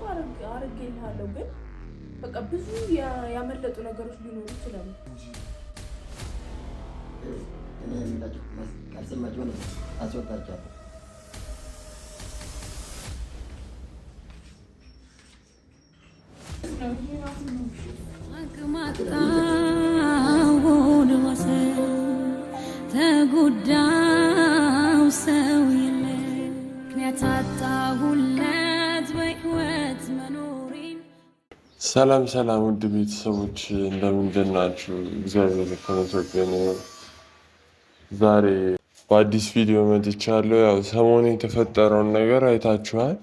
ካረኩ አርጌልሃለሁ፣ ግን በቃ ብዙ ያመለጡ ነገሮች ሊኖሩ ይችላሉ። ካልሰማችሁ አስወጣችኋለሁ። ግማጣ ሰላም ሰላም ውድ ቤተሰቦች እንደምንድን ናችሁ? እግዚአብሔር ከመሰገነ ዛሬ በአዲስ ቪዲዮ መጥቻለሁ። ያው ሰሞኑ የተፈጠረውን ነገር አይታችኋል።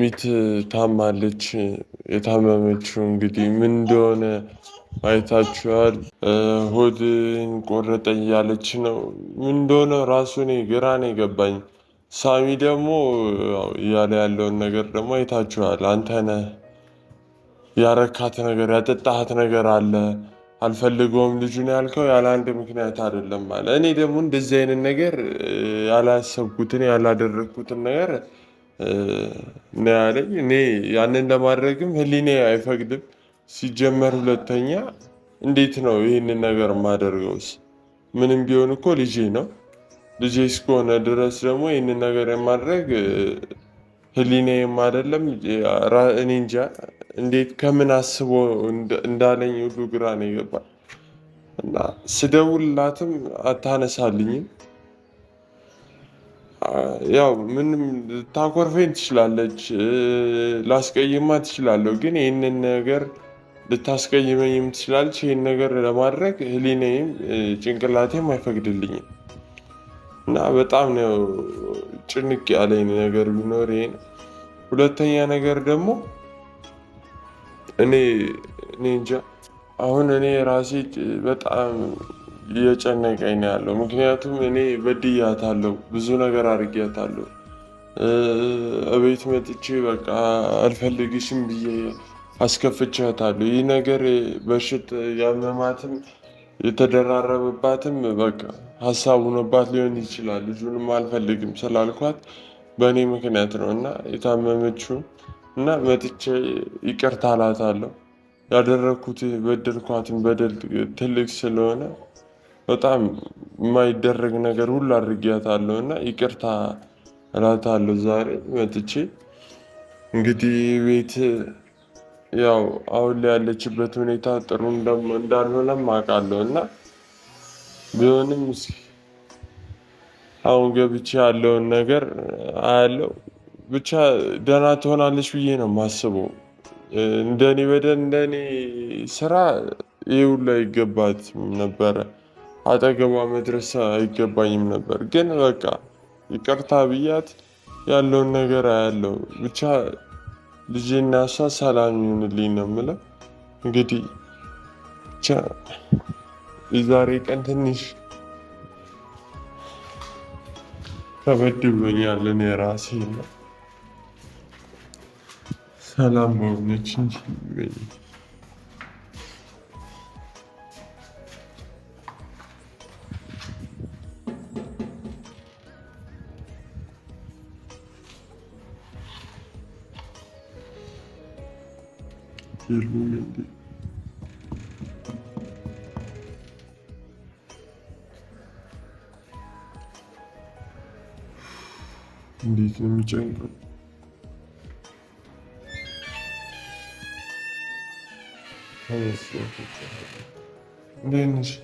ሚት ታማለች። የታመመችው እንግዲህ ምን እንደሆነ አይታችኋል። ሆድን ቆረጠ እያለች ነው። ምን እንደሆነ ራሱ እኔ ግራ ነው የገባኝ። ሳሚ ደግሞ እያለ ያለውን ነገር ደግሞ አይታችኋል። አንተ ነህ ያረካት ነገር ያጠጣሃት ነገር አለ። አልፈልገውም ልጁን ያልከው ያለ አንድ ምክንያት አይደለም አለ። እኔ ደግሞ እንደዚህ አይነት ነገር ያላሰብኩትን ያላደረግኩትን ነገር ነው ያለኝ። እኔ ያንን ለማድረግም ህሊኔ አይፈቅድም። ሲጀመር ሁለተኛ እንዴት ነው ይህንን ነገር የማደርገውስ? ምንም ቢሆን እኮ ልጄ ነው። ልጄ እስከሆነ ድረስ ደግሞ ይህንን ነገር የማድረግ ህሊናዬም አይደለም እኔ እንጃ እንዴት ከምን አስቦ እንዳለኝ ሁሉ ግራ ነው ይገባል። እና ስደውላትም አታነሳልኝም። ያው ምንም ታኮርፌን ትችላለች፣ ላስቀይማ ትችላለሁ። ግን ይህንን ነገር ልታስቀይመኝም ትችላለች። ይህን ነገር ለማድረግ ህሊናዬም ጭንቅላቴም አይፈቅድልኝም። እና በጣም ነው ጭንቅ ያለኝ ነገር ቢኖር ይሄ ነው። ሁለተኛ ነገር ደግሞ እኔ እኔ እንጃ አሁን እኔ ራሴ በጣም እየጨነቀኝ ነው ያለው። ምክንያቱም እኔ በድያታለሁ፣ ብዙ ነገር አድርጊያታለሁ። እቤት መጥቼ በቃ አልፈልግሽም ብዬ አስከፍቻታለሁ። ይህ ነገር በሽት ያመማትም የተደራረበባትም በቃ ሀሳቡ ሆኖባት ሊሆን ይችላል። ልጁንም አልፈልግም ስላልኳት በእኔ ምክንያት ነው እና የታመመችው እና መጥቼ ይቅርታ እላታለሁ። ያደረግኩት በደልኳትን በደል ትልቅ ስለሆነ በጣም የማይደረግ ነገር ሁሉ አድርጊያታለሁ እና ይቅርታ እላታለሁ። ዛሬ መጥቼ እንግዲህ ቤት ያው አሁን ላይ ያለችበት ሁኔታ ጥሩ እንዳልሆነም አውቃለሁ እና ቢሆንም እስኪ አሁን ገብቼ ያለውን ነገር አያለው ብቻ ደህና ትሆናለች ብዬ ነው የማስበው። እንደኔ በደን እንደኔ ስራ ይህ ሁሉ አይገባትም ነበረ። አጠገቧ መድረስ አይገባኝም ነበር። ግን በቃ ይቅርታ ብያት ያለውን ነገር አያለው ብቻ ልጄና እሷ ሰላም ይሁንልኝ ነው የምለው። እንግዲህ ብቻ የዛሬ ቀን ትንሽ ከበድ ብሎኛል። እኔ ራሴ ነው ሰላም በሆነች እንጂ Yerine geldi. Büyükünü mükemmel. Hangisi yok mükemmel? Denir.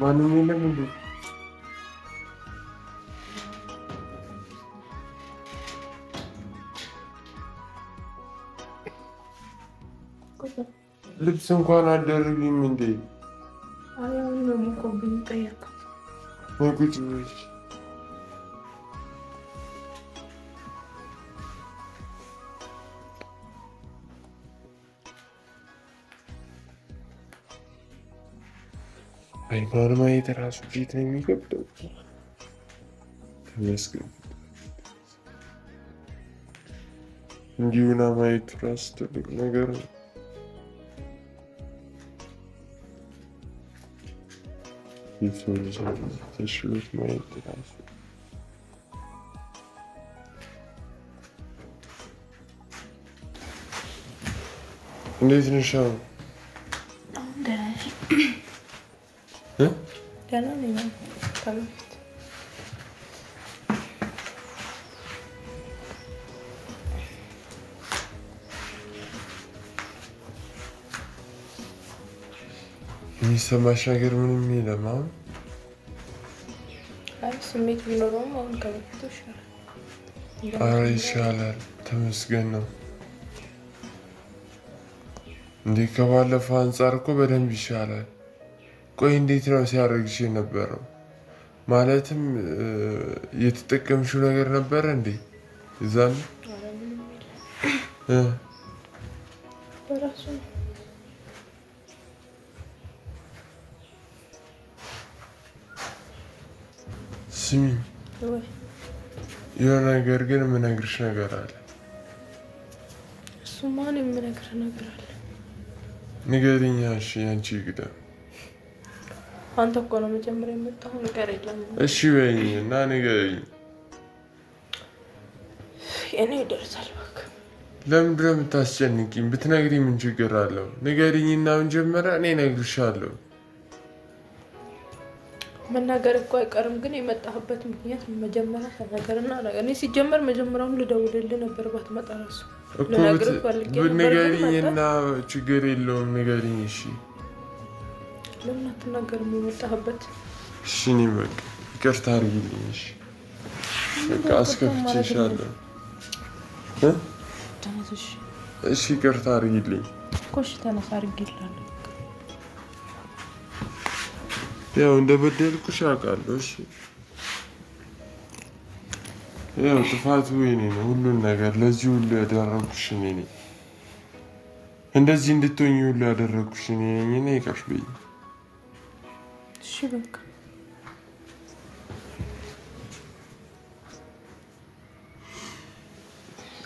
Bana ne bulduk? ልብስ እንኳን አደርግም እንዴ? አይኗን ማየት ራሱ ፊት ነው የሚከብደው። ተመስገን እንዲሁና ማየት ራሱ ትልቅ ነገር ነው። Info teşvik meyildir aslında. እንዴት ነሽ? ደህና ነኝ። ደህና ነኝ። የሚሰማሽ ነገር ምንም የለም። አሁን ስሜት ቢኖረውም አሁን ከበፊቱ ይሻላል። አረ ይሻላል፣ ተመስገን ነው እንዴ። ከባለፈው አንጻር እኮ በደንብ ይሻላል። ቆይ እንዴት ነው ሲያደርግሽ የነበረው? ማለትም የተጠቀምሽው ነገር ነበረ እንዴ? እዛን በራሱ ነው ስሚ፣ የሆነ ነገር ግን የምነግርሽ ነገር አለ። እሱ እኔ የምነግርህ ነገር አለ። ንገሪኝ። እሺ፣ አንቺ ይቅደም። አንተ እኮ ነው መጀመሪያ የመጣው። ነገር የለም። እሺ በይኝ እና ንገሪኝ። እኔ ይደርሳል። እባክህ ለምንድነው የምታስጨንቂኝ? ብትነግሪኝ ምን ችግር አለው? ንገሪኝና መጀመሪያ እኔ እነግርሻለሁ። መናገር እኮ አይቀርም፣ ግን የመጣህበት ምክንያት መጀመሪያ ተናገርና ነገር። እኔ ሲጀመር መጀመሪያውን ልደውልልህ ነበር ባትመጣ እራሱ ልነግርህ ንገሪኝና ችግር የለውም ንገሪኝ። እሺ ለምን አትናገርም የመጣህበት? እሺ እኔ በቃ ይቅርታ አድርጊልኝ። እሺ በቃ አስከፍቼሻለሁ። እሺ ይቅርታ አድርጊልኝ እሺ ተነሳ አድርጊልሃለሁ ያው እንደበደልኩሽ አውቃለሁ። እሺ ያው ጥፋቱ የእኔ ነው። ሁሉን ነገር ለዚህ ሁሉ ያደረኩሽ እኔ ነኝ። እንደዚህ እንድትሆኝ ሁሉ ያደረኩሽ እኔ ነኝ እና ይቅርሽ በይ። እሺ በቃ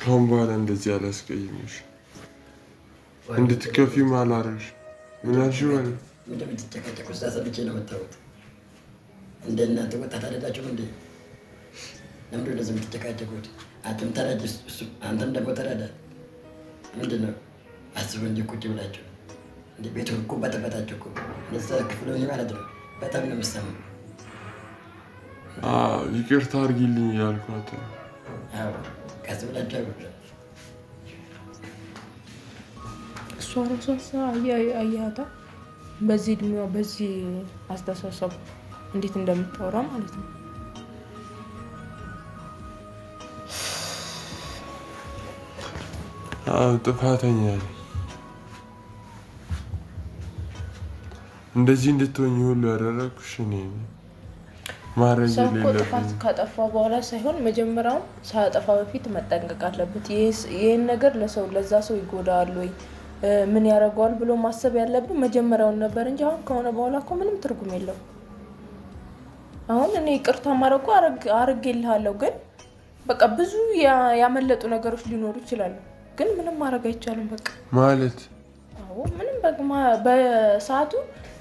ካሁን በኋላ እንደዚህ አላስቀይምሽ። ማላረሽ አላረግሽ ምናልሽ ሆነ እንደምትጨቀጨቁ ስታሰብቼ ነው የምታወት። እንደ እናንተ ወጣት አይደላችሁም እንዴ? ለምንድን ነው እንደዚህ የምትጨቃጨቁት? አንተም ተረድ፣ አንተም ደግሞ ተረዳ። ምንድን ነው አስቡ እንጂ ቁጭ ብላችሁ እንደ ቤቱ እኮ በጠበጣችሁ እኮ እዛ ክፍል ሆኜ ማለት ነው። በጣም ነው የምሰማው። ይቅርታ አድርጊልኝ ያልኳት ቀስ ብላችሁ አይጎዳም። እሷ ራሷ አያያታ በዚህ እድሜዋ በዚህ አስተሳሰብ እንዴት እንደምታወራ ማለት ነው። ጥፋተኛ እንደዚህ እንድትሆኝ ሁሉ ያደረግኩሽ እኔ ማድረግ ጥፋት ካጠፋ በኋላ ሳይሆን መጀመሪያውም ሳያጠፋ በፊት መጠንቀቅ አለበት። ይህን ነገር ለሰው ለዛ ሰው ይጎዳል ወይ ምን ያደርገዋል ብሎ ማሰብ ያለብን መጀመሪያውን ነበር እንጂ አሁን ከሆነ በኋላ እኮ ምንም ትርጉም የለው። አሁን እኔ ይቅርታ ማድረጉ አርጌልሃለሁ፣ ግን በቃ ብዙ ያመለጡ ነገሮች ሊኖሩ ይችላሉ፣ ግን ምንም ማድረግ አይቻልም። በቃ ማለት ምንም በሰዓቱ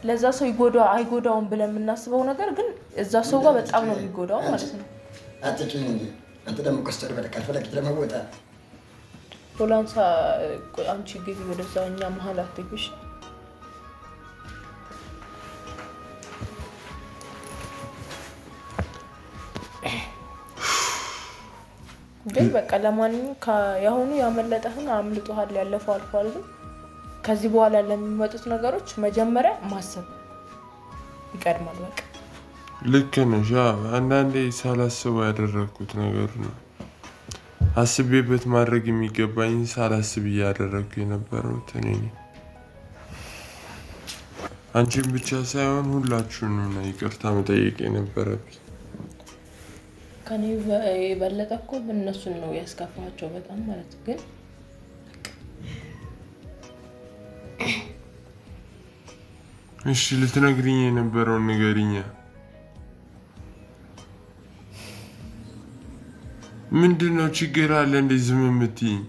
ለዛ ሰው ይጎዳ አይጎዳውም ብለን የምናስበው ነገር ግን እዛ ሰው ጋር በጣም ነው የሚጎዳው ማለት ነው። ሆላንሳ አንቺ ግቢ ወደዛ፣ እኛ መሀል አትግቢሽ። ግን በቃ ለማንኛውም የአሁኑ ያመለጠህን አምልጦሃል፣ ያለፈው አልፏል። ግን ከዚህ በኋላ ለሚመጡት ነገሮች መጀመሪያ ማሰብ ይቀድማል። በቃ ልክ ነሽ። አንዳንዴ ሳላስበው ያደረግኩት ነገር ነው አስቤበት ማድረግ የሚገባኝ ሳላስብ እያደረግኩ የነበረሁት እኔ አንቺን ብቻ ሳይሆን ሁላችሁንም ነው ይቅርታ መጠየቅ የነበረብኝ። ከኔ የበለጠ እኮ እነሱን ነው ያስከፋቸው በጣም ማለት ግን እሺ ልትነግሪኝ የነበረውን ንገሪኛ። ምንድን ነው ችግር አለ እንደዚህ ዝም የምትይኝ?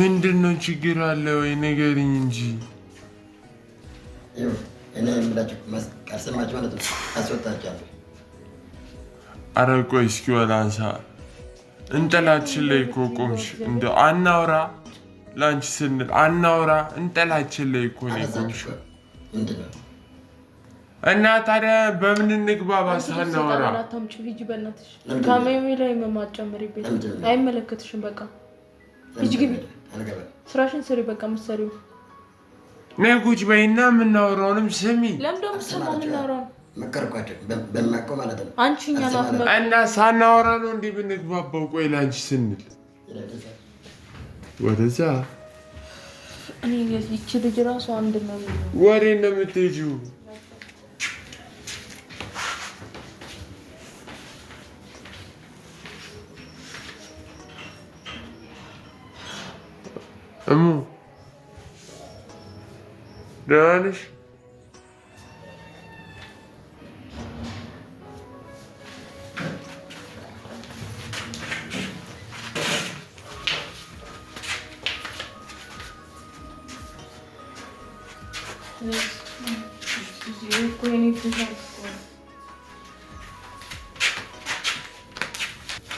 ምንድን ነው ችግር አለ ወይ ንገሪኝ እንጂ አረቆ እስኪ ወላንሳ እንጠላትሽን ላይ እኮ ቆምሽ እንደ አናውራ ለአንቺ ስንል አናውራ እንጠላችን ላይ እኮ ነው የቆምሽው። እና ታዲያ በምን እንግባባ? ሳናወራ ላይ ማጨምሪበት አይመለከትሽም። በቃ ሂጅ ግቢ፣ ስራሽን ስሪ። በቃ ምሳሌ ነይ ቁጭ በይና የምናወራውንም ስሚ። እና ሳናወራ ነው እንዲህ ብንግባባው? ቆይ ለአንቺ ስንል ወደዛ ይቺ ልጅ ራሱ አንድ ነው። ወሬ ነው የምትሄጂው። እሙ ደህና ነሽ?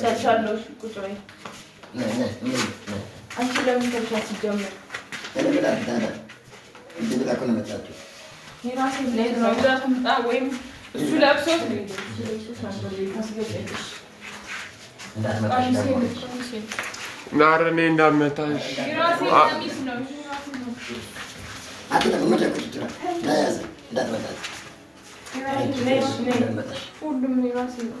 ሰርቻለሁ። ቁጭ ለምን ሰርቻ ሲጀምር እንዳመታሽ ሁሉም የራሴ ነው።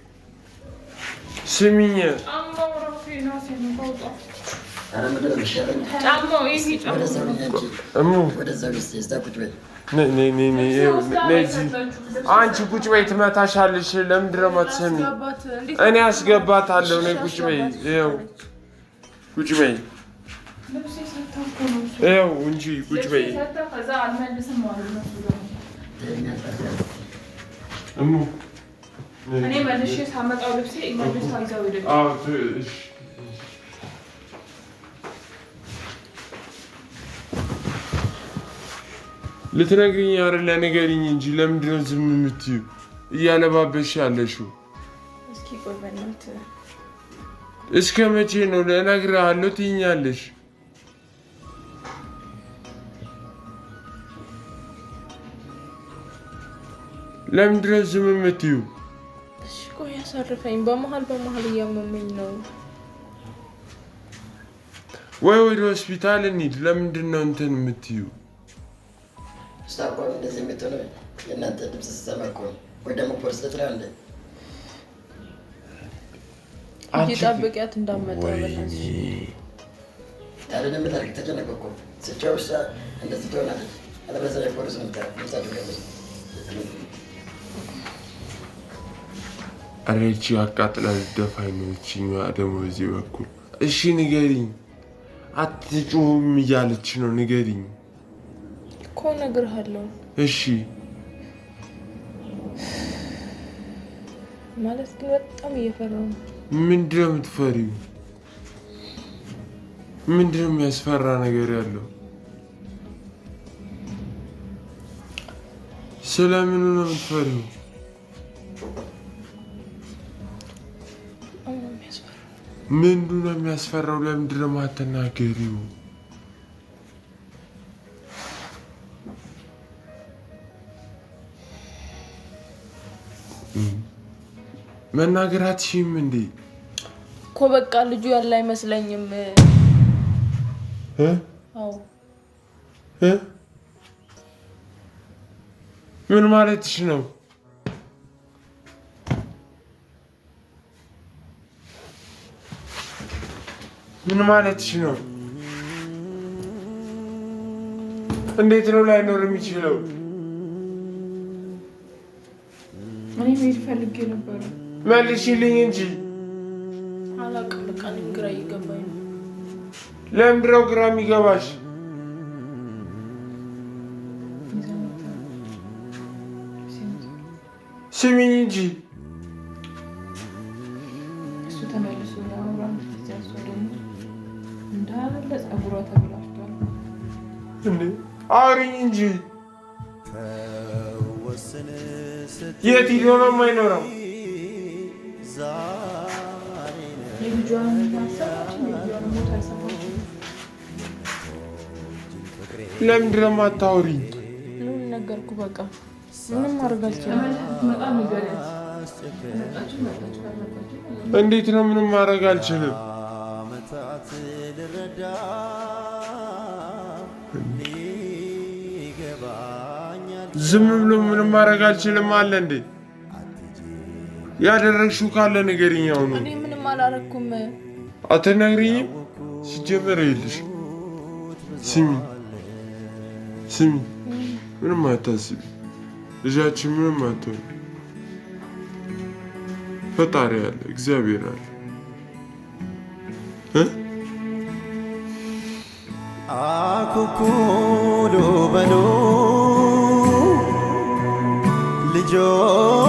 ስሚኝ አንቺ ቁጭ በይ፣ ትመታሻለሽ። ለምንድን ነው የማትሰሚ? እኔ አስገባታለሁ። ነይ ቁጭ በይ፣ ይኸው ቁጭ በይ፣ ይኸው እንጂ ቁጭ በይ እሙ እኔ መልሼ ሳመጣው ልብሴ መልስ አልጋው ደ ልትነግሪኝ አይደለ? ንገሪኝ እንጂ ለምንድን ነው ዝም የምትዩ? እያለባበሽ ያለሽው እስከ መቼ ነው? እነግርሃለሁ ትይኛለሽ። ለምንድን ነው ዝም የምትዩ? አሳርፈኝ። በመሀል በመሀል እያመመኝ ነው። ወይ ወደ ሆስፒታል እንሂድ። ለምንድን ነው እንትን የምትዩ? ስታቋም እንደዚህ የምትሆነ የእናንተ ድምፅ ስሰማ ወይ ደግሞ ፖሊስ ትላለህ። አንቺ ጠብቂያት እንዳመጣ ረቺ አቃጥላ ልደፋኝ ነው ይችኛ ደግሞ በዚህ በኩል እሺ ንገሪኝ፣ አትጩሁም እያለች ነው ንገሪኝ እኮ እነግርሃለሁ። እሺ ማለት ግን በጣም እየፈራሁ ነው። ምንድን ነው የምትፈሪው? ምንድን ነው የሚያስፈራ ነገር ያለው? ስለምኑ ነው የምትፈሪው? ምንዱ ነው የሚያስፈራው? ለምንድን ነው የማትናገሪው? መናገር አትሽም እንዴ? እኮ በቃ ልጁ ያለ አይመስለኝም። ምን ማለትሽ ነው? ምን ማለትሽ ነው? እንዴት ነው ላይኖር የሚችለው? እኔ ቤት ፈልጌ ነበረ። መልሽልኝ እንጂ አላውቅም። በቃ እኔም ግራ እየገባኝ ነው። ግራ የሚገባሽ? ስሚኝ እንጂ አውሪኝ እንጂ የት ሂዶ ነው የማይኖረው? ለምንድን ነው የማታወሪኝ? ነገርኩ? በቃ ምንም ማድረግ አልችልም። እንዴት ነው ምንም ማድረግ አልችልም? ማድረግ አለ እንዴ? ያደረግሽው ካለ ንገሪኝ። አሁኑ እኔ ምንም አላረኩም። አትነግሪኝም? ሲጀመር ይልሽ ስሚ ስሚ፣ ምንም አታስቢ። ልጃችን ምንም አትሆን። ፈጣሪ አለ፣ እግዚአብሔር አለ። አኩኩሉ በሉ जो